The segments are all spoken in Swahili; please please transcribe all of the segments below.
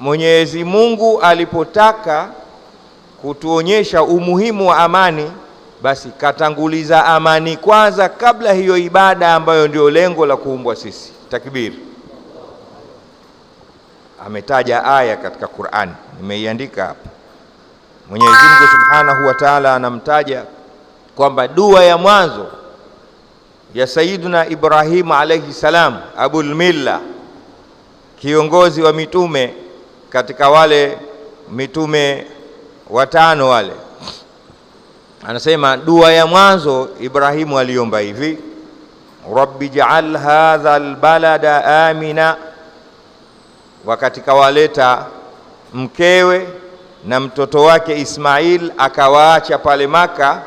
Mwenyezi Mungu alipotaka kutuonyesha umuhimu wa amani, basi katanguliza amani kwanza kabla hiyo ibada ambayo ndio lengo la kuumbwa sisi. Takbiri. Ametaja aya katika Qur'an, nimeiandika hapa. Mwenyezi Mungu Subhanahu wa Ta'ala anamtaja kwamba dua ya mwanzo ya Sayyiduna Ibrahimu alayhi salam, abul milla, kiongozi wa mitume katika wale mitume watano wale, anasema dua ya mwanzo Ibrahimu aliomba hivi, rabbi jaal hadha albalada amina. wakati kawaleta mkewe na mtoto wake Ismail, akawaacha pale Maka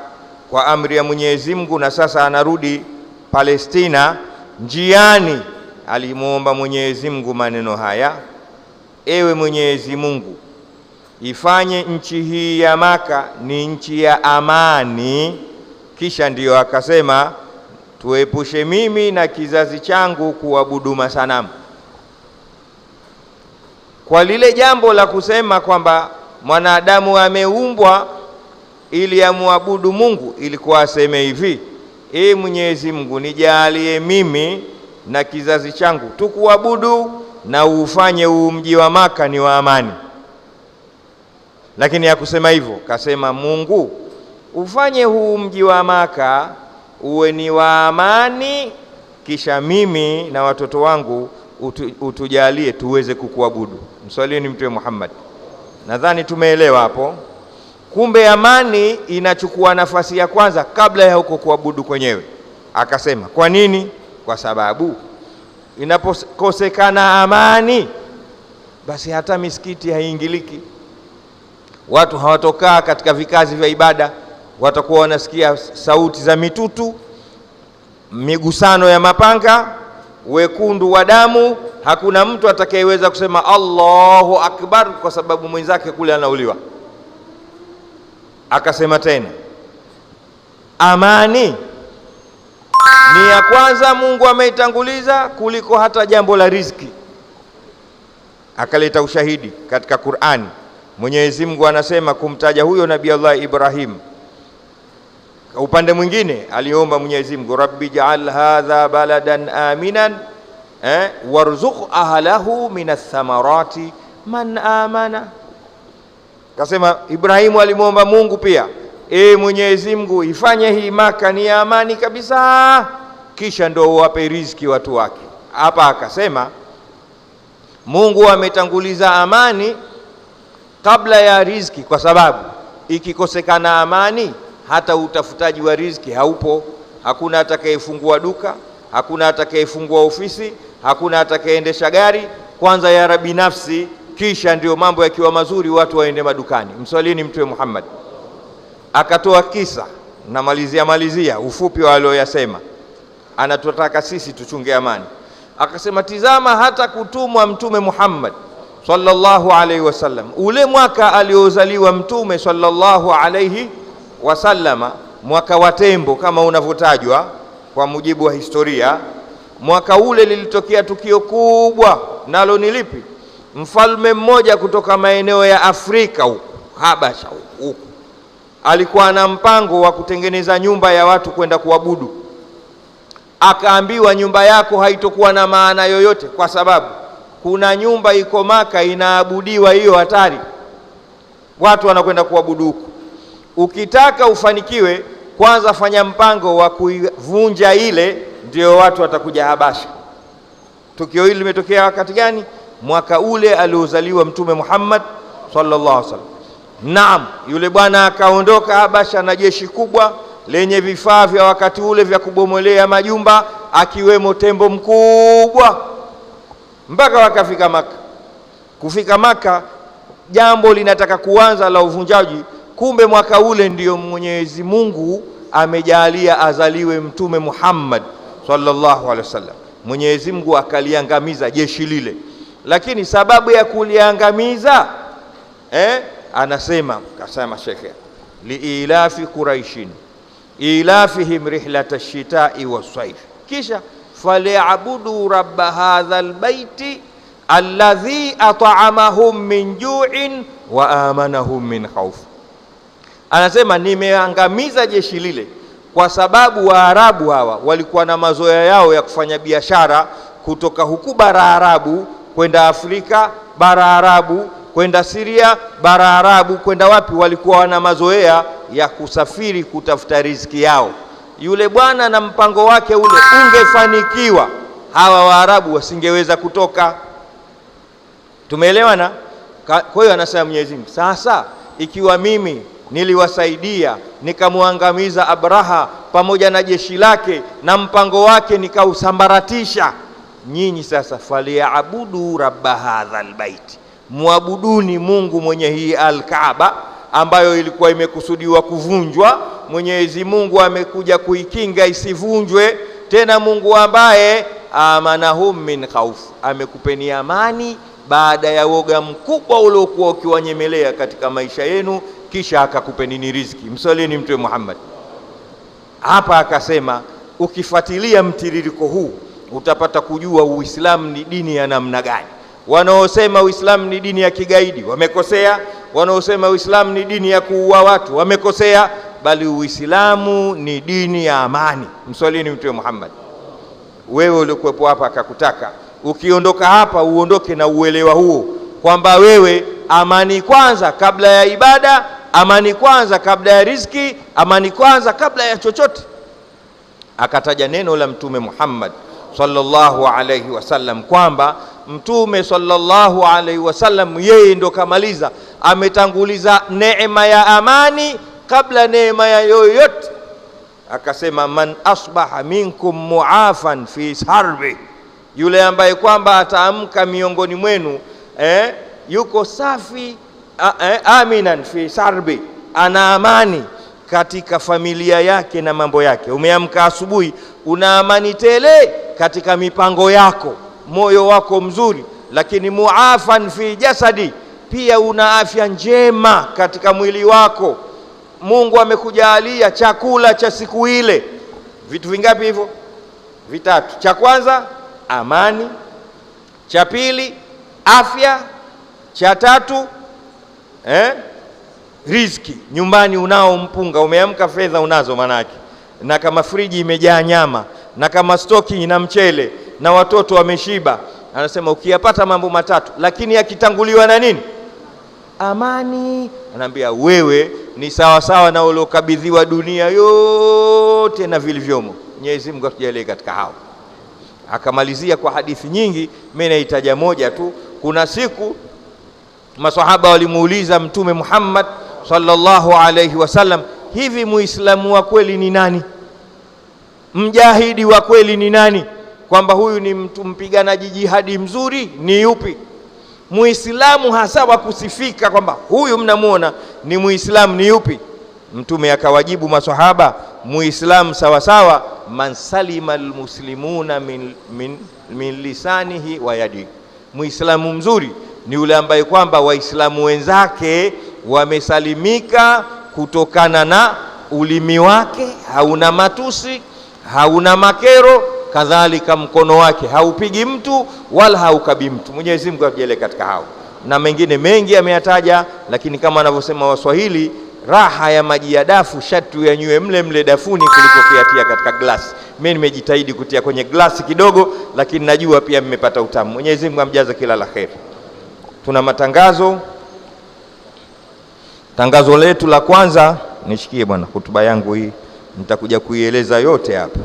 kwa amri ya Mwenyezi Mungu, na sasa anarudi Palestina. Njiani alimwomba Mwenyezi Mungu maneno haya Ewe Mwenyezi Mungu, ifanye nchi hii ya Maka ni nchi ya amani. Kisha ndiyo akasema, tuepushe mimi na kizazi changu kuabudu masanamu. Kwa lile jambo la kusema kwamba mwanadamu ameumbwa ili amwabudu Mungu, ilikuwa aseme hivi: Ee Mwenyezi Mungu, nijalie mimi na kizazi changu tukuabudu na ufanye huu mji wa Maka ni wa amani. Lakini hakusema hivyo, kasema Mungu ufanye huu mji wa Maka uwe ni wa amani, kisha mimi na watoto wangu utu, utujalie tuweze kukuabudu. Mswalini Mtume Muhammad. Nadhani tumeelewa hapo. Kumbe amani inachukua nafasi ya kwanza kabla ya huko kuabudu kwenyewe. Akasema kwa nini? Kwa sababu Inapokosekana amani, basi hata misikiti haiingiliki, watu hawatokaa katika vikazi vya ibada, watakuwa wanasikia sauti za mitutu, migusano ya mapanga, wekundu wa damu. Hakuna mtu atakayeweza kusema Allahu akbar, kwa sababu mwenzake kule anauliwa. Akasema tena amani ni ya kwanza Mungu ameitanguliza kuliko hata jambo la riziki. Akaleta ushahidi katika Qur'ani. Mwenyezi Mungu anasema kumtaja huyo Nabii Allah Ibrahim. Upande mwingine aliomba Mwenyezi Mungu, rabbi jaal hadha baladan aminan eh, warzuq ahlahu min athamarati man amana. Kasema Ibrahimu alimwomba Mungu pia e Mwenyezi Mungu, ifanye hii Maka ni ya amani kabisa, kisha ndio uwape riziki watu wake. Hapa akasema Mungu ametanguliza amani kabla ya riziki, kwa sababu ikikosekana amani, hata utafutaji wa riziki haupo. Hakuna atakayefungua duka, hakuna atakayefungua ofisi, hakuna atakayeendesha gari. Kwanza ya rabi nafsi, kisha ndio mambo yakiwa mazuri, watu waende madukani. Mswalini Mtume Muhammad. Akatoa kisa, na malizia ufupi wa aliyoyasema, anatutaka sisi tuchunge amani. Akasema, tizama hata kutumwa Mtume Muhammad sallallahu alaihi wasallam, ule mwaka aliozaliwa Mtume sallallahu alaihi wasallama, mwaka wa tembo kama unavyotajwa kwa mujibu wa historia. Mwaka ule lilitokea tukio kubwa, nalo ni lipi? Mfalme mmoja kutoka maeneo ya Afrika huko Habasha huko alikuwa na mpango wa kutengeneza nyumba ya watu kwenda kuabudu, akaambiwa nyumba yako haitokuwa na maana yoyote, kwa sababu kuna nyumba iko Maka inaabudiwa, hiyo hatari, watu wanakwenda kuabudu huko. Ukitaka ufanikiwe, kwanza fanya mpango wa kuivunja ile, ndio watu watakuja Habasha. Tukio hili limetokea wakati gani? Mwaka ule aliozaliwa Mtume Muhammad sallallahu alaihi wasallam. Naam, yule bwana akaondoka Habasha na jeshi kubwa lenye vifaa vya wakati ule vya kubomolea majumba akiwemo tembo mkubwa, mpaka wakafika Maka. Kufika Maka, jambo linataka kuanza la uvunjaji. Kumbe mwaka ule ndiyo Mwenyezi Mungu amejalia azaliwe Mtume Muhammad sallallahu alaihi wasallam. Mwenyezi Mungu akaliangamiza jeshi lile, lakini sababu ya kuliangamiza eh? anasema kasema shekhe liilafi quraishin ilafihim rihlata lshitai wasaif, kisha faliabudu rabba hadha lbaiti alladhi at'amahum min ju'in wa amanahum min khauf. Anasema nimeangamiza jeshi lile kwa sababu Waarabu hawa walikuwa na mazoea yao ya kufanya biashara kutoka huku bara Arabu kwenda Afrika bara Arabu kwenda Siria, bara Arabu, kwenda wapi, walikuwa wana mazoea ya kusafiri kutafuta riziki yao. Yule bwana na mpango wake ule ungefanikiwa, hawa Waarabu wasingeweza kutoka. Tumeelewana? Kwa hiyo anasema Mwenyezi Mungu, sasa ikiwa mimi niliwasaidia nikamwangamiza Abraha pamoja na jeshi lake na mpango wake nikausambaratisha, nyinyi sasa abudu rabba hadha albaiti mwabuduni Mungu mwenye hii Al-Kaaba ambayo ilikuwa imekusudiwa kuvunjwa. Mwenyezi Mungu amekuja kuikinga isivunjwe tena, Mungu ambaye amanahum min khauf, amekupeni amani baada ya woga mkubwa uliokuwa ukiwanyemelea katika maisha yenu, kisha akakupeni ni riziki. mswalini Mtume Muhammad. Hapa akasema ukifuatilia mtiririko huu utapata kujua Uislamu ni dini ya namna gani. Wanaosema Uislamu ni dini ya kigaidi wamekosea, wanaosema Uislamu ni dini ya kuua watu wamekosea, bali Uislamu ni dini ya amani. Mswalini Mtume Muhammad. Wewe uliokuwepo hapa akakutaka ukiondoka hapa uondoke na uelewa huo kwamba wewe, amani kwanza kabla ya ibada, amani kwanza kabla ya riziki, amani kwanza kabla ya chochote. Akataja neno la Mtume Muhammad sallallahu alayhi wasallam kwamba Mtume sallallahu alaihi wasallam, yeye ndo kamaliza, ametanguliza neema ya amani kabla neema ya yoyote. Akasema, man asbaha minkum muafan fi sarbi yule ambaye kwamba ataamka miongoni mwenu eh, yuko safi a, eh, aminan fi sarbi, ana amani katika familia yake na mambo yake. Umeamka asubuhi una amani tele katika mipango yako moyo wako mzuri, lakini muafan fi jasadi, pia una afya njema katika mwili wako. Mungu amekujalia chakula cha siku ile. Vitu vingapi hivyo? Vitatu. Cha kwanza amani, cha pili afya, cha tatu eh, riziki. Nyumbani unao mpunga, umeamka, fedha unazo manake, na kama friji imejaa nyama, na kama stoki ina mchele na watoto wameshiba. Anasema ukiyapata mambo matatu, lakini yakitanguliwa na nini? Amani. Anaambia wewe ni sawasawa na uliokabidhiwa dunia yote na vilivyomo. Mwenyezi Mungu atujalie katika hao. Akamalizia kwa hadithi nyingi, mimi naitaja moja tu. Kuna siku maswahaba walimuuliza Mtume Muhammad sallallahu alayhi wasallam, hivi muislamu wa kweli ni nani? Mjahidi wa kweli ni nani? kwamba huyu ni mtu mpiganaji jihadi mzuri ni yupi? Muislamu hasa wa kusifika kwamba huyu mnamwona ni muislamu ni yupi? Mtume akawajibu maswahaba, muislamu sawasawa, man salima almuslimuna min, min, min lisanihi wa yadi. Muislamu mzuri ni yule ambaye kwamba waislamu wenzake wamesalimika kutokana na ulimi wake, hauna matusi, hauna makero kadhalika mkono wake haupigi mtu wala haukabi mtu. Mwenyezi Mungu atujalie katika hao, na mengine mengi ameyataja, lakini kama wanavyosema Waswahili, raha ya maji ya dafu shatu ya nyue mle mle dafuni kuliko kuyatia katika glasi. Mimi nimejitahidi kutia kwenye glasi kidogo, lakini najua pia mmepata utamu. Mwenyezi Mungu amjaze kila la kheri. Tuna matangazo. Tangazo letu la kwanza, nishikie bwana, hotuba yangu hii nitakuja kuieleza yote hapa.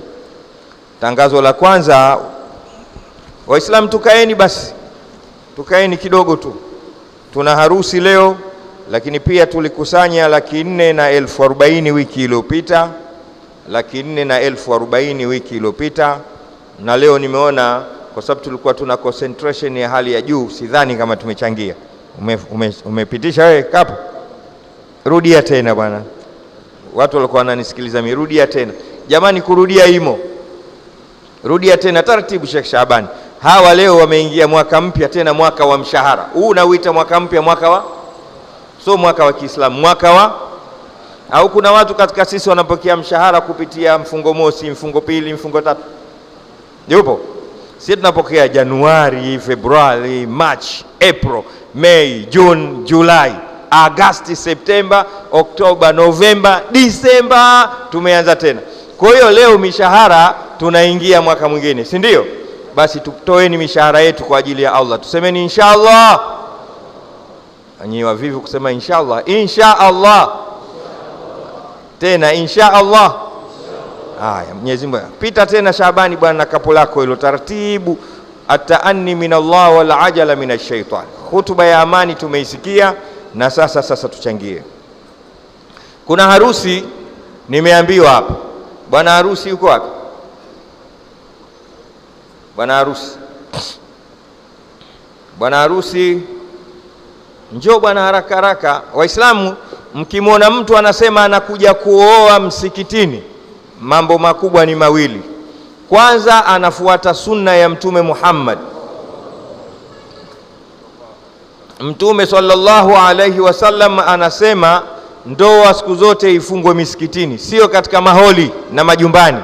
Tangazo la kwanza, Waislamu tukaeni basi, tukaeni kidogo tu, tuna harusi leo, lakini pia tulikusanya laki nne na elfu arobaini wiki iliyopita, laki nne na elfu arobaini wiki iliyopita. Na leo nimeona kwa sababu tulikuwa tuna concentration ya hali ya juu, sidhani kama tumechangia. Ume, ume, umepitisha wewe kapo, rudia tena bwana. Watu walikuwa wananisikiliza mirudia tena jamani, kurudia imo Rudia tena taratibu, Sheikh Shabani. Hawa leo wameingia mwaka mpya, tena mwaka wa mshahara huu. Unauita mwaka mpya, mwaka wa so mwaka wa Kiislamu, mwaka wa au kuna watu katika sisi wanapokea mshahara kupitia mfungo mosi, mfungo pili, mfungo tatu. Yupo sisi tunapokea Januari, Februari, March, April, May, June, July, Agosti, Septemba, Oktoba, Novemba, Disemba, tumeanza tena. Kwa hiyo leo mishahara tunaingia mwaka mwingine, si ndio? Basi tutoeni mishahara yetu kwa ajili ya Allah, tusemeni inshallah. Nyi wavivu kusema inshallah, insha Allah tena insha Allah. Haya, Mwenyezi Mungu pita tena Shabani bwana na kapu lako hilo taratibu. Ataani min Allah wal ajala min ash-shaytan. Hutuba ya amani tumeisikia, na sasa sasa tuchangie. Kuna harusi nimeambiwa hapa, bwana harusi yuko wapi? bwana harusi, bwana harusi, njoo bwana, haraka haraka. Waislamu mkimwona mtu anasema anakuja kuoa msikitini, mambo makubwa ni mawili. Kwanza, anafuata sunna ya Mtume Muhammad. Mtume sallallahu alaihi wasallam anasema ndoa siku zote ifungwe misikitini, sio katika maholi na majumbani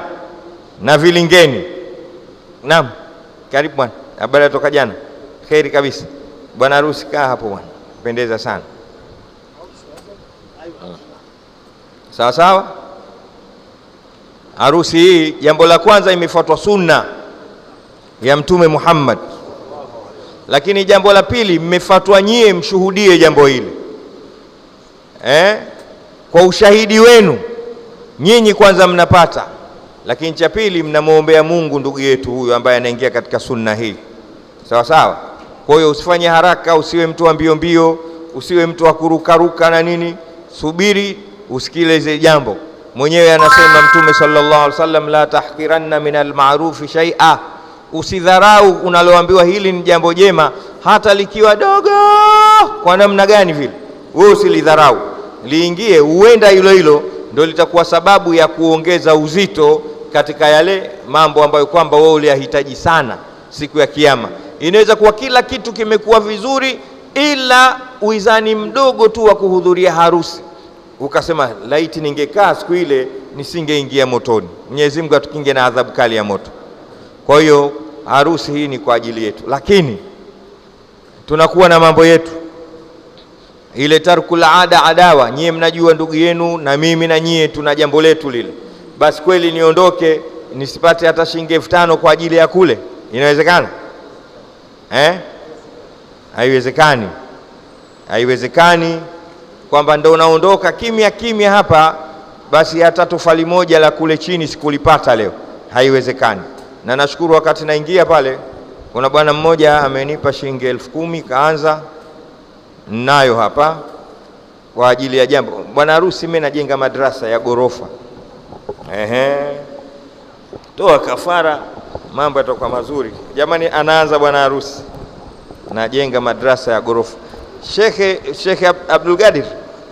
na vilingeni. Naam, karibu bwana. Habari atoka jana? Kheri kabisa. Bwana harusi kaa hapo bwana, pendeza sana. Sawa sawa. Harusi hii jambo la kwanza imefuatwa sunna ya Mtume Muhammad, lakini jambo la pili mmefuatwa nyie, mshuhudie jambo hili eh? Kwa ushahidi wenu nyinyi kwanza mnapata lakini cha pili, mnamwombea Mungu ndugu yetu huyu ambaye anaingia katika sunna hii, sawa sawa. Kwa hiyo usifanye haraka, usiwe mtu wa mbio mbio, usiwe mtu wa kurukaruka na nini. Subiri usikilize jambo. Mwenyewe anasema Mtume sallallahu alaihi wasallam, la tahqiranna min almarufi shay'a, usidharau unaloambiwa hili ni jambo jema, hata likiwa dogo kwa namna gani vile, wewe usilidharau liingie, huenda hilo hilo ndio litakuwa sababu ya kuongeza uzito katika yale mambo ambayo kwamba wewe uliyahitaji sana siku ya Kiyama. Inaweza kuwa kila kitu kimekuwa vizuri, ila uizani mdogo tu wa kuhudhuria harusi, ukasema laiti ningekaa siku ile nisingeingia motoni, Mwenyezi Mungu atukinge na adhabu kali ya moto. Kwa hiyo harusi hii ni kwa ajili yetu, lakini tunakuwa na mambo yetu ile tarkul ada adawa. Nyie mnajua ndugu yenu na mimi na nyie tuna jambo letu lile basi kweli niondoke nisipate hata shilingi elfu tano kwa ajili ya kule, inawezekana eh? Haiwezekani, haiwezekani kwamba ndo unaondoka kimya kimya hapa, basi hata tofali moja la kule chini sikulipata leo, haiwezekani. Na nashukuru wakati naingia pale, kuna bwana mmoja amenipa shilingi elfu kumi kaanza nayo hapa kwa ajili ya jambo. Bwana harusi, mimi najenga madrasa ya ghorofa ehe, toa kafara, mambo yatakuwa mazuri. Jamani, anaanza bwana harusi, najenga madrasa ya ghorofa. Shekhe, Shekhe Abdul Gadir,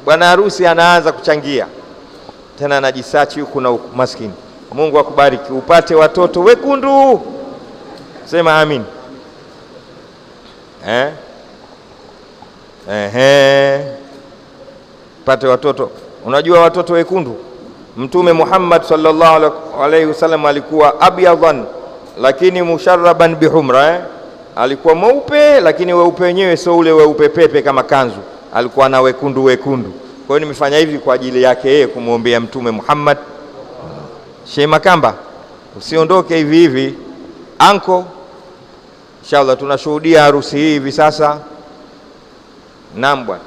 bwana harusi anaanza kuchangia tena, anajisachi huku na maskini. Mungu akubariki upate watoto wekundu, sema amin. Eh? Ehe. Ehe, pate watoto. Unajua watoto wekundu Mtume Muhammad sallallahu alaihi wasallam alikuwa abyadhan lakini musharraban bihumra eh? Alikuwa mweupe lakini weupe wenyewe sio ule weupe pepe kama kanzu, alikuwa na wekundu wekundu. Kwa hiyo nimefanya hivi kwa ajili yake yeye kumwombea Mtume Muhammad. Sheikh Makamba, usiondoke hivi hivi anko, inshallah tunashuhudia harusi hii hivi sasa. Naam bwana.